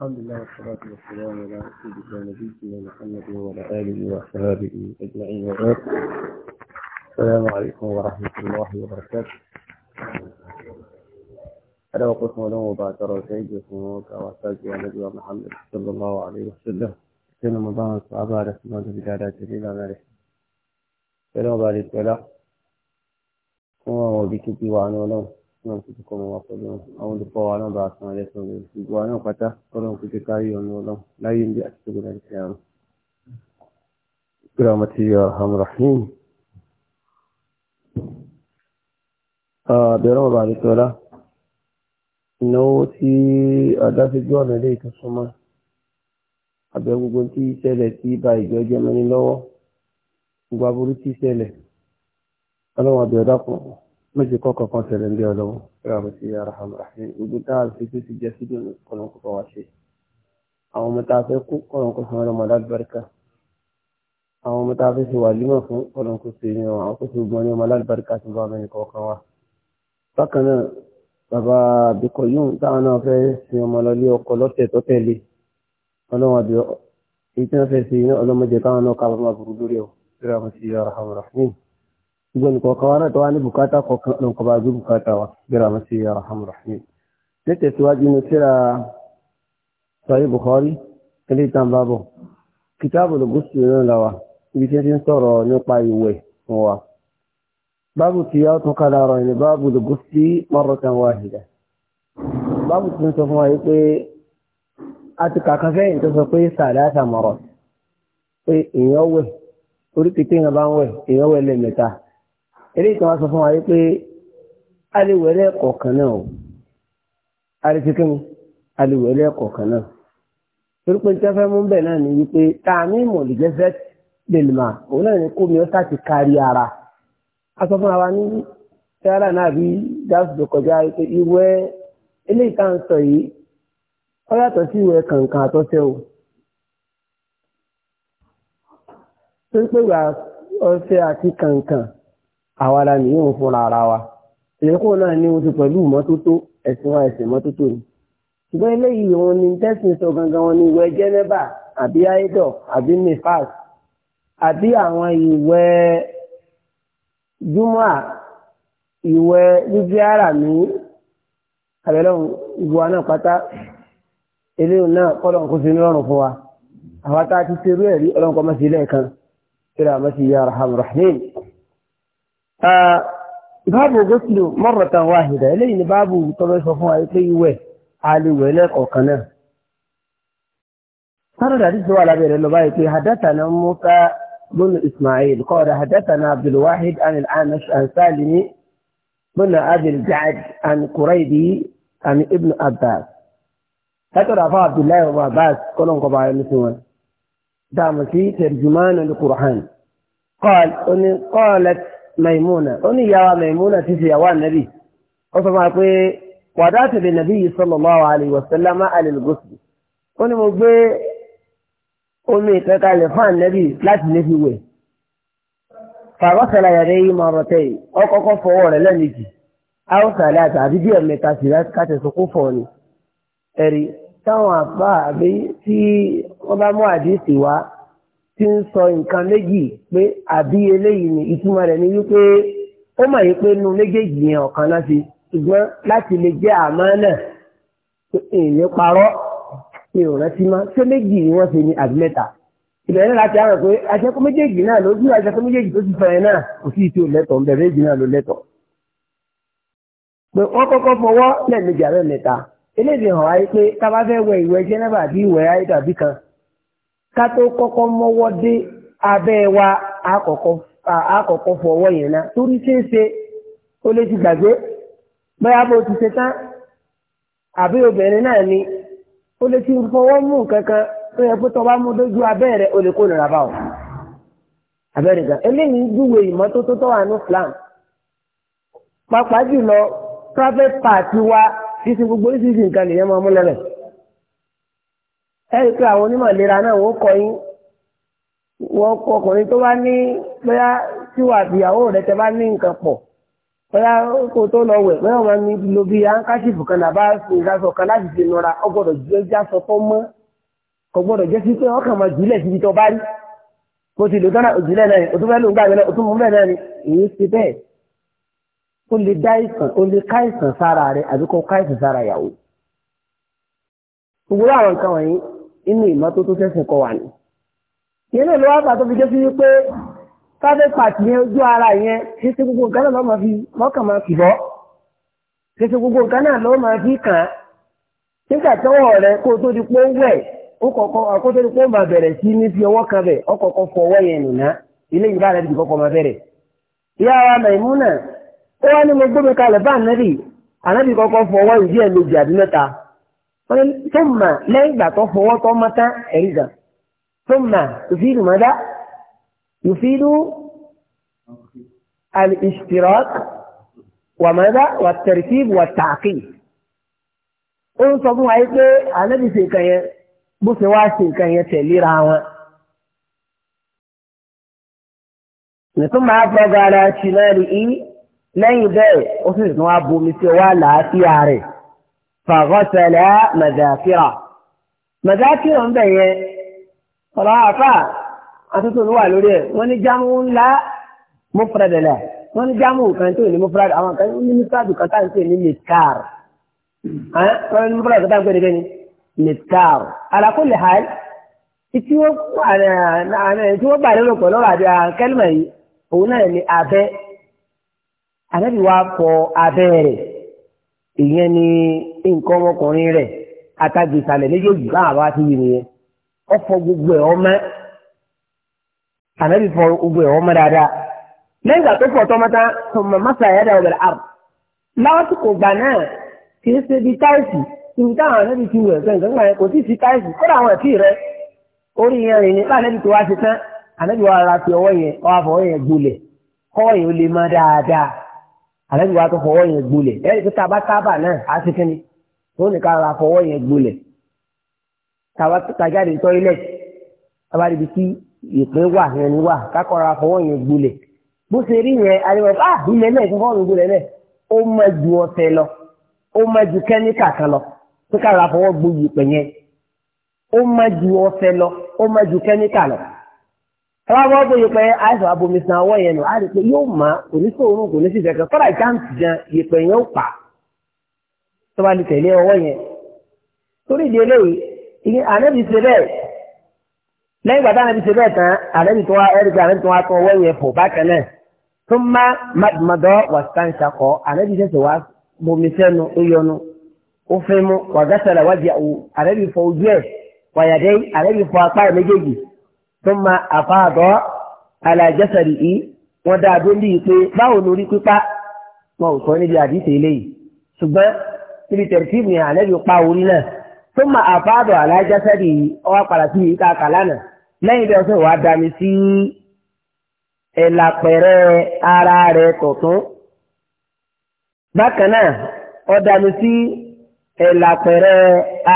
الحمد لله والصلاة والسلام على سيدنا نبينا محمد وعلى آله وصحبه أجمعين السلام عليكم ورحمة الله وبركاته أنا وقف مولانا وبعد روسيج وسموك وأستاذي ونبي محمد صلى الله عليه وسلم في رمضان الصعب على سنة البلاد جليلة مالك سلام عليكم ولا الله وبركاته náà ti ti kọ́ ọmọ wa pẹ̀lú àwọn olùkọ́ wa náà bá a san ẹlẹ́sìn rẹ̀ gbogbo àwọn náà pátá kọ́lọ́n kò ti kárí ọ̀nà ọlọ́run láyé ilé àti tó gbọdọ̀ a àrùn. gírámà ti àhàm rahim. bẹ̀rẹ̀ wọn bá mi tọ́lá ìnáwó tí àdáṣejú ọ̀nà ilé ìtọ́sọ́mọ́ àbẹ̀ gbogbo tí ìṣẹ̀lẹ̀ tí ba ìjọ jẹ́ mẹ́ni lọ́wọ́ gbogbo aburú tí ìṣẹ̀lẹ̀ ọlọ́run méjì kọ́kọ́ kan tẹ̀lé ń bí ọlọ́wọ́ ẹ̀rọ sí arahamu rahim gbogbo táà fi tó ti jẹ́ síbi kọ́nà kó fọwọ́ ṣe àwọn ọmọ táà fẹ́ kú kọ́nà kó fún ọlọ́mọ alábàríkà àwọn ọmọ táà fẹ́ ṣe wà límọ̀ fún kọ́nà kó ṣe ní àwọn kó ṣe gbọ́n ní ọmọ alábàríkà tó bá mẹ́rin kọ̀ọ̀kan wa. bákan náà bàbá àbíkọ yóò táwọn náà fẹ́ sin ọmọ lọ lé ọkọ lọ́sẹ̀ tó tẹ̀lé ọlọ́wọ́n àbí èyí tí wọ́n fẹ́ ṣe ọlọ́mọdé káwọn náà ká gbogbo nǹkan kan wá náà tó wá ní bùkátà kọ̀ọ̀kan ló ń kọ́ bá gbé bùkátà wa gbéra mọ́ sí arhamu rahim nítẹ̀síwájú ní síra sọ̀rí bukhari ilé ìtàn bábọ̀ kìtàbù lùgúsù náà làwà ibi tí ń sọ̀rọ̀ nípa ìwẹ̀ fún wa báàbù tí yá tún kàdà rọ̀ ní báàbù lùgúsù marratan wahida báàbù tí ń sọ fún wa yìí pé a ti kàkàfẹ́ ìtọ́ sọ pé sàdásà mọ̀rọ̀ pé èèyàn wẹ̀ orí pípé yẹn bá ń wẹ̀ eléyìí kan wá sọ fún wa wípé aléwẹ̀lẹ́ kọ̀ọ̀kan náà o arífikẹ́mi aléwẹ̀lẹ́ kọ̀ọ̀kan náà torípé níta fẹ́ mú bẹ́ẹ̀ náà ni wípé tààmì mọ̀lẹ́gẹ́fẹ́ lèlùmà òun náà ni kó mi ó sá ti kárí ara a sọ fún wa ní tẹ́lá náà bí dáàbò tó kọjá wípé ìwẹ̀ eléyìí tá à ń sọ yìí ó yàtọ̀ sí ìwẹ̀ kàǹkàn àtọ́sẹ́ o torípé ìwà ọṣẹ àti kàǹkàn àwa la nìyí òun fúnra ara wa ìyẹ́kọ́ náà ní oṣù pẹ̀lú ìmọ́tótó ẹ̀sìn wa ẹ̀sìn ìmọ́tótó ni ṣùgbọ́n eléyìí wọn ni tẹ́sìn sọ gangan wọn ni ìwẹ̀ jẹ́nẹ́bà àbí áídọ̀ àbí nifas àbí àwọn ìwẹ̀ júmọ́à ìwẹ̀ jíjí ara mi àbẹ̀lọ́hùn ìwà náà pátá eléyìí náà kọ́lọ̀ kó sí lọ́rùn fún wa àwọn tá a ti ṣerú ẹ̀rí ọlọ́nkọ́ mọ́sí lẹ́ẹ̀kan kí báàbù gọ́sìlù mọ́rọ̀tàn wáhìdà eléyìí ni báàbù tọ́lọ́ sọ fún wa pé ìwẹ̀ àlewẹ̀ lẹ́kọ̀ọ̀kan náà سرد حديث على بير اللبايك حدثنا موسى بن إسماعيل قال حدثنا عبد الواحد عن الأعمش عن سالم بن أبي الجعد عن قريبي عن ابن عباس فترى عبد الله وعباس كلهم قبائل المسلمين دام في ترجمان القرآن قال قالت Maimuna ó ní ìyá wa Maimuna ti ṣe ìyàwó ànábì ó sọ fún wa pé wàdà tẹ̀lé nàbí yìí sallallahu alaihi wasallam al-ghusl ó ní mo gbé omi ìkẹkalẹ̀ fún ànábì láti ní fi wẹ̀ fàgọ́sẹ̀lá yàrá yìí máa rọ̀tẹ́ yìí ó kọ́kọ́ fọwọ́ rẹ̀ lẹ́ẹ̀mejì áwùsàlẹ̀ àti àbí díẹ̀ mẹ́ta sí kátẹ̀sọ́kú fọ̀ ni ẹ̀rí táwọn àbá àbí tí wọ́n bá mú àdìsí wá tí ń sọ nǹkan méjì pé àbí eléyìí ni ìtumọ̀ rẹ̀ ni wípé ó mọ̀ yìí pé inú méjèèjì yẹn ọ̀kan náà ti ṣùgbọ́n láti lè jẹ́ àmọ́ náà èèyàn parọ́ mi ò rántí mọ́ ṣé méjì ni wọ́n ṣe ní àbí mẹ́ta ìbẹ̀rẹ̀ náà láti àwọn pé aṣẹ́kọ́ méjèèjì náà ló dúró aṣẹ́kọ́ méjèèjì tó ti sọ yẹn náà kò sí ìtò lẹ́tọ̀ ń bẹ̀rẹ̀ méjì náà ló lẹ́tọ̀ pé wọ́n kọ́kọ́ fọwọ́ lẹ́ẹ̀mejì àbẹ́ eléyìí hàn wáyé pé tá a bá fẹ́ wẹ ìwẹ̀ jẹ́nẹ́bà àbí ìwẹ̀ ayé tàbí kan ká tó kọ́kọ́ mọ́wọ́ dé abẹ́ wa àkọ́kọ́ fọwọ́ yẹn náà torí ṣeéṣe ó lè ti gbàgbé bóyá bó ti ṣe tán àbí obìnrin náà ni ó lè ti fọwọ́ mú kankan tó yẹ kó tó bá mú dójú abẹ́ rẹ̀ ó lè kó nira bá ọ. abẹ́rẹ́ gan eléyìí júwe ìmọ́tótó tó wà ní Islam pàápàá jùlọ private part wa kì í ṣe gbogbo oríṣiríṣi nǹkan lèyẹn máa mú lẹ́rẹ̀ẹ́ ẹ̀rí pé àwọn onímọ̀ ìlera náà wọ́n kọ yín wọ́n kọ ọkùnrin tó bá ní bóyá tí wà bí ìyàwó rẹ̀ tẹ́ bá ní nǹkan pọ̀ bóyá kó tó lọ wẹ̀ bóyá wọn ní lo bí ankáṣífù kan nàbá ìdásọ kan láti fi nura ọ gbọ́dọ̀ jẹ́ jásọ tó mọ́ kò gbọ́dọ̀ jẹ́ sí pé wọ́n kàn máa jùlẹ̀ síbi tó bá rí mo ti lò tán òjìlẹ̀ náà o tún fẹ́ lò ń gbà náà o tún mú bẹ́ẹ̀ náà ni èyí ti bẹ́ẹ̀ ó lè dá ìsàn ó lè ká ìsàn sára rẹ̀ àbí kó ká ìsàn sára ìyàwó. gbogbo àwọn nǹkan wọ̀nyí inú ìmọ́tótó tẹ́sìn kọ wà ní. Yẹ́lẹ̀ ló wá tó fi jẹ́ sí wípé káfẹ́ pàtì yẹn ojú ara yẹn ṣíṣe fi mọ́kàn máa fi ṣíṣe gbogbo nǹkan náà fi kàn án. nígbà tọ́wọ́ rẹ kó tó di pé ó wẹ̀ ó kọ̀kọ́ kó tó di pé ó máa bẹ̀rẹ̀ sí ní fi ọwọ́ kan bẹ̀ ó kọ̀kọ́ yẹn ilé ìgbà wọ́n ní tó mà lẹ́yìn ìgbà tó fọwọ́ tó mọ́ tán ẹ̀rí gan tó mà yòfìlú mọ́dá yòfìlú al-ishtirak wà mọ́dá wà tartib wà ta'qib ó ń sọ fún wa pé ànábì ṣe nǹkan yẹn bó ṣe wá ṣe nǹkan yẹn tẹ̀léra wọn. nìtún máa gbọ́gara ṣìnà rí i lẹ́yìn bẹ́ẹ̀ ó sì tún wá bomi sí ọwọ́ àlàáfíà rẹ̀ fàgọ́sẹ̀lẹ̀ mẹ̀dàkìrà mẹ̀dàkìrà ń bẹ̀ yẹn ọ̀rọ̀ àfà àtúntò ló wà lórí ẹ̀ wọ́n ní jámù ńlá mufradala wọ́n ní jámù kan tó ní mufradala àwọn kan ní mufradala kan táà ń pè ní mìkàr wọ́n ní mufradala kan táà ń pè ní kẹ́ni mìkàr ala kulli wọ́n gbà lérò pẹ̀lú ọ̀rọ̀ àti kẹ́lìmọ̀ yìí òun náà ní abẹ́ ìyẹn ni nǹkan ọmọkùnrin rẹ̀ atagbèsàlẹ̀ méjèèjì báwa bá ti yìí nìyẹn ọfọ gbogbo ẹ̀ ọmọ ànábì fọ gbogbo ẹ̀ ọmọ dáadáa lẹ́yìn ìgbà tó fọ tọmọta tọmọ masa ẹ̀dá ọ̀bẹ̀rẹ̀ àrùn lásìkò gbà náà kì í ṣe bí táìsì ibi táwọn ànábì ti wẹ̀ fẹ́ nǹkan kan kò sí sí táìsì kódà àwọn ẹ̀fí rẹ orí yẹn rìn ní láàánábì tó wá ṣe tán ànábì wa ra fi ọwọ́ yẹn ọwọ́ àfọwọ́ yẹn gbolẹ̀ kọ́ yẹn ó lè má dáadáa àlẹ́bí wa tó fọwọ́ yẹn gbolẹ̀ ẹ̀rí tó taba tábà náà á ti kíni tó nìkan ra fọwọ́ yẹn gbolẹ̀ tàwa tajáde tọ́ílẹ̀tì tàbá níbi tí ìpín wà yẹn wà kákọ́ ra fọwọ́ yẹn gbolẹ̀ bó ṣe rí yẹn àríwá ah ilẹ̀ náà ìfọwọ́ yẹn gbolẹ̀ náà ó mọ ju ọtẹ lọ ó mọ ju kẹ́míkà kan lọ tó ká ra fọwọ́ gboyè pẹ̀yẹn ó mọ ju ọtẹ lọ ó mọ ju kẹ́míkà lọ tọ́wọ́ bọ́ bó yẹpẹ àìsàn abomisan ọwọ́ yẹn nù á rí i pé yóò má kò ní sóorun kò ní sí ìfẹ́ kan kọ́dà jáǹtì jan yẹpẹ yẹn ó pa tọ́ba lè tẹ̀lé ọwọ́ yẹn torí ìdí eléyìí ìyẹn ànábì ṣe bẹ́ẹ̀ lẹ́yìn gbàtà ànábì ṣe bẹ́ẹ̀ tán ànábì tó wá ẹ̀rí pé ànábì tó wá tán ọwọ́ yẹn fò bákan náà tó má madmadọ́ wà sáńsàkọ́ ànábì ṣẹ̀ṣẹ̀ wá bomi ó yọnu ó ثم أفاض على جسده wọ́n dáa dó ní pé báwo lórí pípa wọn ò sọ níbi àdìsẹ́ eléyìí ṣùgbọ́n níbi tẹ̀síìmù yẹn àlẹ́ yóò pa orí náà tó mọ àfáàdọ̀ aláìjásẹ́rì ọwọ́ padà sí ìta kàlánà lẹ́yìn bí ọ̀sẹ̀ wàá dami sí ẹ̀là pẹ̀rẹ́ ara rẹ̀ tọ̀tún. bákan náà ó dami sí ẹ̀là pẹ̀rẹ́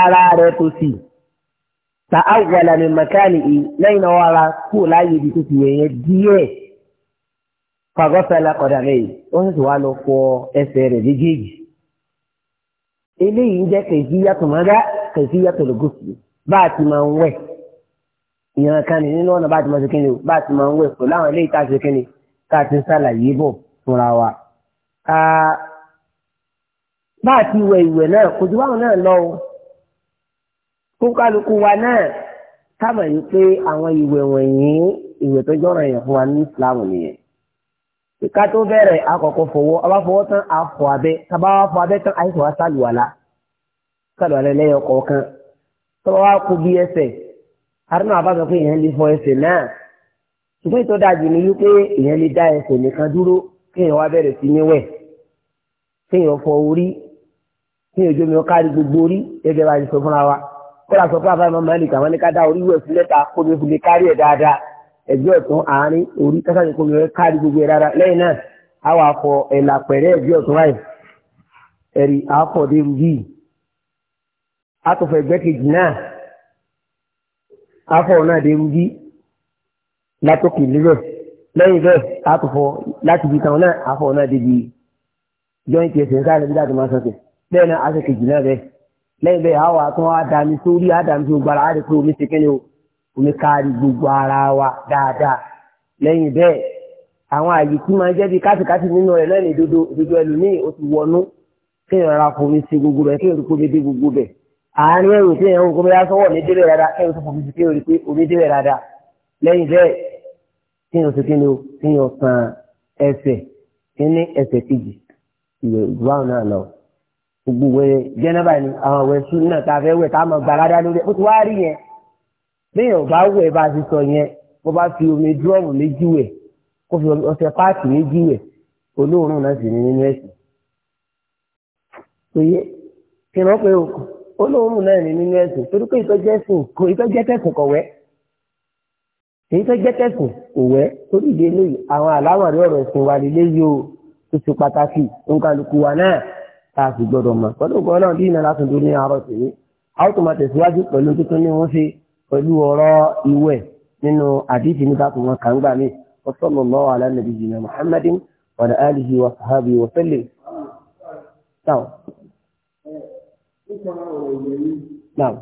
ara rẹ̀ tòsì ta awala min makani i lẹ́yìn náà wàrà kú láàyè ibi tó ti yẹn díẹ̀ fagọ́sẹ̀lá ọ̀dà rẹ̀ ó sì wá lọ fọ ẹsẹ̀ rẹ̀ méjèèjì eléyìí ń jẹ́ kẹ̀sí yàtọ̀ mọ́dá kẹ̀sí yàtọ̀ lọ́gọ́sì bá a ti máa ń wẹ̀ ìyàn kan ní nínú ọ̀nà bá a ti máa ṣe kíni bá a ti máa ń wẹ̀ pẹ̀lú àwọn eléyìí tá a ṣe kíni tá a ti ń ṣàlàyé bọ̀ fúnra wa. bá a ti wẹ̀ ìwẹ̀ náà kò kúkálukú wa náà kábà yìí pé àwọn ìwẹ̀ wọ̀nyí ìwẹ̀ tó jọ̀rọ̀ yẹn fún wa ní Islam nìyẹn ìka tó bẹ̀rẹ̀ àkọ́kọ́ fọwọ́ a bá fọwọ́ tán a fọ abẹ́ ká bá fọ abẹ́ tán àìsàn wa sálùwàlá sálùwàlá lẹ́yọ kọ̀ọ̀kan tó bá wá kú bí ẹsẹ̀ arínú àbájọ pé ìyẹn lè fọ ẹsẹ̀ náà ṣùgbọ́n ìtọ́ dáa jù ní wípé ìyẹn lè dá ẹsẹ̀ nìkan dúró kéèyàn wá bẹ̀rẹ̀ sí níwẹ̀ kéèyàn fọ orí kéèyàn jómi ọkárí gbogbo orí gẹ́gẹ́ bá ti sọ fúnra wa kọ́lá sọ fún àbáyọ malik àwọn ní ká dá orí wẹ̀ fún lẹ́ta kóbi fún mi kárí ẹ̀ dáadáa ẹ̀gbẹ́ ọ̀tún àárín orí kásáyé kóbi rẹ̀ kárí gbogbo ẹ̀ dáadáa lẹ́yìn náà a wà fọ ẹ̀là pẹ̀rẹ́ ẹ̀gbẹ́ ọ̀tún láì ẹ̀rì àfọ̀dé rúbí àtọ̀fọ̀ ẹ̀gbẹ́ kejì náà àfọ̀ náà dé rúbí látòkè lélẹ̀ lẹ́yìn bẹ́ẹ̀ àtọ̀fọ̀ láti ibi kan náà àfọ̀ náà dé bi jọ́ìntì ẹ̀sẹ̀ ń sáré bí láti náà àṣẹ kejì náà bẹ́ẹ̀ lẹ́yìn bẹ́ẹ̀ àwọn àtún àdàmì tó rí àdàmì tó gbára àti omi ti kíni o omi kárí gbogbo ara wa dáadáa lẹ́yìn bẹ́ẹ̀ àwọn àyè tí máa ń jẹ́ bí káṣíkáṣí nínú rẹ̀ lẹ́yìn ìdodo ìdodo ẹlòmíì ó ti wọnú kéèyàn rárá fomi sí gbogbo rẹ̀ kéèyàn rúkó mi dé gbogbo bẹ̀ àárín ẹ̀rù tí èèyàn rúkó mi dá sọ́wọ́ mi débẹ̀ dáadáa kéèyàn tó fomi sí kéèyàn rí pé omi débẹ̀ dáadáa lẹ́yìn bẹ́ẹ̀ kéèyàn tó kéèyàn kéèyàn san ẹsẹ̀ kíní ẹsẹ̀ kejì ìwé ìgbà náà lọ gbogbo wẹ jẹnẹba ni àwọn wẹ sunna tá a fẹ́ wẹ tá a mọ gbalada lórí ó ti wá rí yẹn lẹ́yìn ọba wẹ bá a ti sọ yẹn bó bá fi omi dúrọ́ọ̀mù méjì wẹ kó fi ọṣẹ páàkì méjì wẹ olóòórùn náà sì ní nínú ẹ̀sìn péye kí wọ́n pe olóòórùn náà ní nínú ẹ̀sìn torí pé ìtọ́jú ẹ̀sìn kò ìtọ́jú ẹ̀sìn kò wẹ́ èyí tó jẹ́ tẹ̀sùn òwẹ́ torí ìdílé àwọn àlámọ̀rí ọ̀rọ̀ ẹ̀sìn wa lè léyìí o tó ṣe pàtàkì nǹkan lùkù wa náà tá a sì gbọdọ̀ mọ̀ pẹ̀lú ògbọ́n náà bí iná látún dún ní àárọ̀ tèmi a ó tún máa tẹ̀síwájú pẹ̀lú tuntun ní wọ́n ṣe pẹ̀lú ọ̀rọ̀ ìwẹ̀ nínú àdìsí nígbà tó wọn kà ń gbà mí sallallahu ala nabiyyina Muhammadin wa ala alihi wa sahbihi wa sallim. Now.